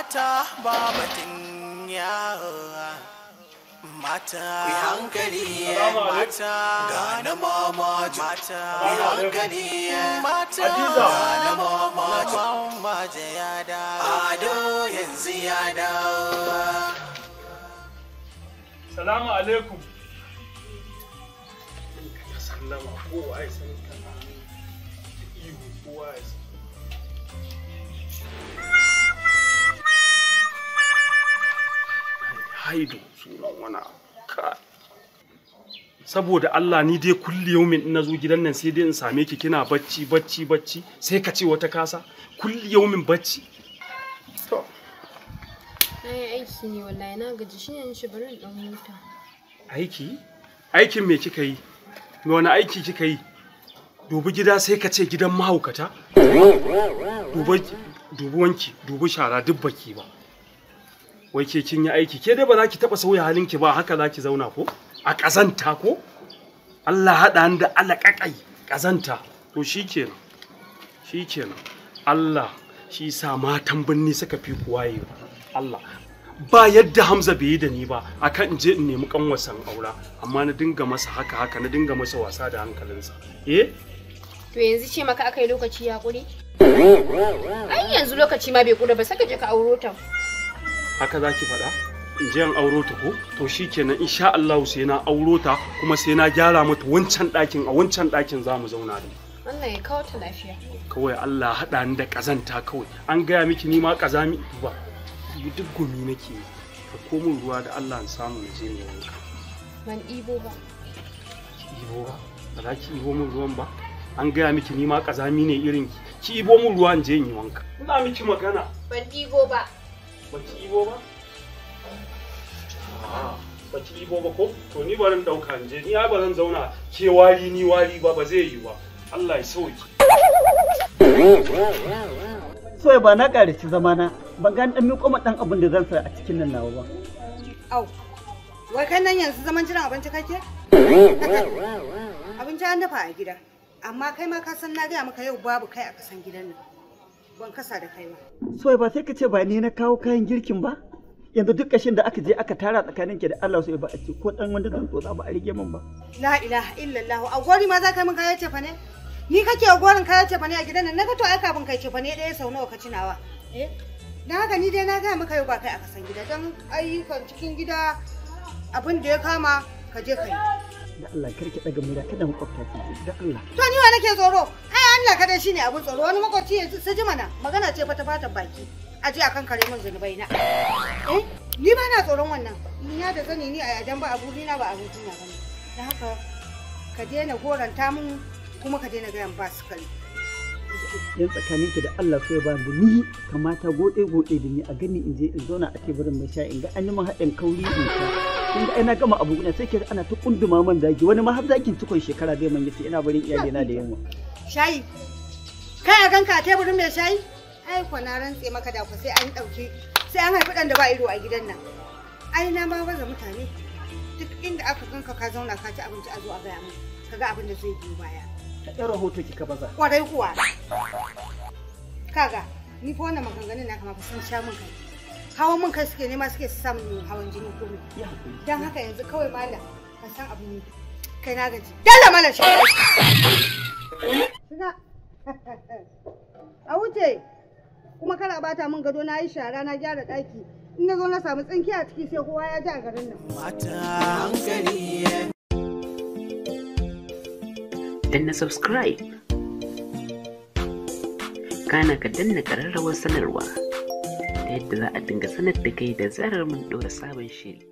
mata ba batun yawa mata hankali mata gane mama mata hankali mata gane mama mama ya da ado yanzu ya da salamu alaikum sallama kowa haidu sunan wani saboda Allah ni dai kulli yaumin in nazo gidan nan sai dai in same ki kina bacci bacci bacci sai ka ce wata kasa kulli yaumin bacci to ai aiki ne wallahi na gaji shi ne shi barin dan mota aiki aikin me kika yi me wani aiki kika yi dubi gida sai ka ce gidan mahaukata dubi dubi wanki dubi shara duk baki ba wai ke kin yi aiki ke dai ba za ki taɓa sauya halinki ba haka za ki zauna ko a ƙazanta ko Allah haɗa da alaƙaƙai ƙazanta to shi kenan shi kenan Allah shi sa matan birni suka fi kuwaye Allah ba yadda Hamza bai yi da ni ba akan in je in nemi kanwasan aura amma na dinga masa haka haka na dinga masa wasa da hankalinsa eh to yanzu ce maka akai lokaci ya kure ai yanzu lokaci ma bai kure ba saka je ka auro ta haka za ki faɗa in je an auro ta ko to shi kenan insha Allah sai na auro ta kuma sai na gyara mata wancan ɗakin a wancan ɗakin za mu zauna da Allah ya kawo ta lafiya kawai Allah haɗa ni da ƙazanta kawai an gaya miki ni ma ƙazami ba duk gumi nake ka komo ruwa da Allah samu na je ne wanka ban ibo ba ibo ba ba za ki ibo min ruwan ba an gaya miki ni ma ƙazami ne irin ki ki ibo min ruwa in je in yi wanka ina miki magana ban ibo ba baki ibo ba ah, baki ibo ba ko to ni barin dauka je ni ba zan zauna ke wari ni wari ba ba zai yi ba Allah ya sauki so ba na ƙarici zamana ban gan dan miƙo dan abin da zan sa a cikin nan nawa ba au wai kai nan yanzu zaman jiran abinci kake abinci an dafa a gida amma kai ma ka san na gaya maka yau babu kai a kasan gidan nan ban kasa da kai ba. Soyi ba sai ka ce ba ni na kawo kayan girkin ba? Yanzu duk kashin da aka je aka tara tsakanin ke da Allah sai ba a ce ko dan wanda zan tsotsa ba a rige min ba. La ilaha illallah a gori ma za ka min kayan cefa ne? Ni kake a gorin kayan cefa ne a gidan nan na ka to ai kafin kai cefa ne ɗaya sau nawa ka cinawa. Eh? Na haka ni dai na gaya maka yau ba kai a kasan gida don ayyukan cikin gida abin da ya kama ka je ka yi. Da Allah karki ɗaga mura kada mu kwafta ki da Allah. To ni wa nake tsoro? Allah kada shi ne abin tsaro wani makwabci ya su ji mana magana ce fata ta baki a ji akan kare mun zunubai na eh ni ba na tsoron wannan ni ya da zani ni a yadan ba abu na ba abin na bane dan haka ka daina goranta mun kuma ka daina gayan ba su kare yan tsakanin ki da Allah sai ba ni kamata gode gode da ni a gani in je in zauna a teburin mai sha in ga an yi mun haɗin kauri in sha kin ga ina gama abu na sai ki ana ta kunduma man zagi wani ma har zakin cikon shekara zai man yace ina barin iyali na da yunwa shayi kai a ganka a teburin mai shayi ai kwana, na rantse maka da ku sai an ɗauki sai an haifi ɗan da ba ido a gidan nan ai na ma baza mutane duk inda aka ganka ka zauna ka ci abinci a zo a gaya min ka ga abin da zai biyo baya ka ɗan rahoto kika baza kwarai kuwa kaga ni fa wannan maganganun na kama sun sha min kai hawan min kai suke nema suke samun hawan jini ko dan haka yanzu kawai malam ka san abin kai na gaji dalla malam shi a wuce kuma kana bata min gado na yi shara na gyara ɗaki in na zo na samu tsinki a ciki sai kowa ya ji a garin nan mata hankali danna subscribe kana ka danna ƙararrawar sanarwa ta yadda za a dinga sanar da kai da zarar mun ɗora sabon shiri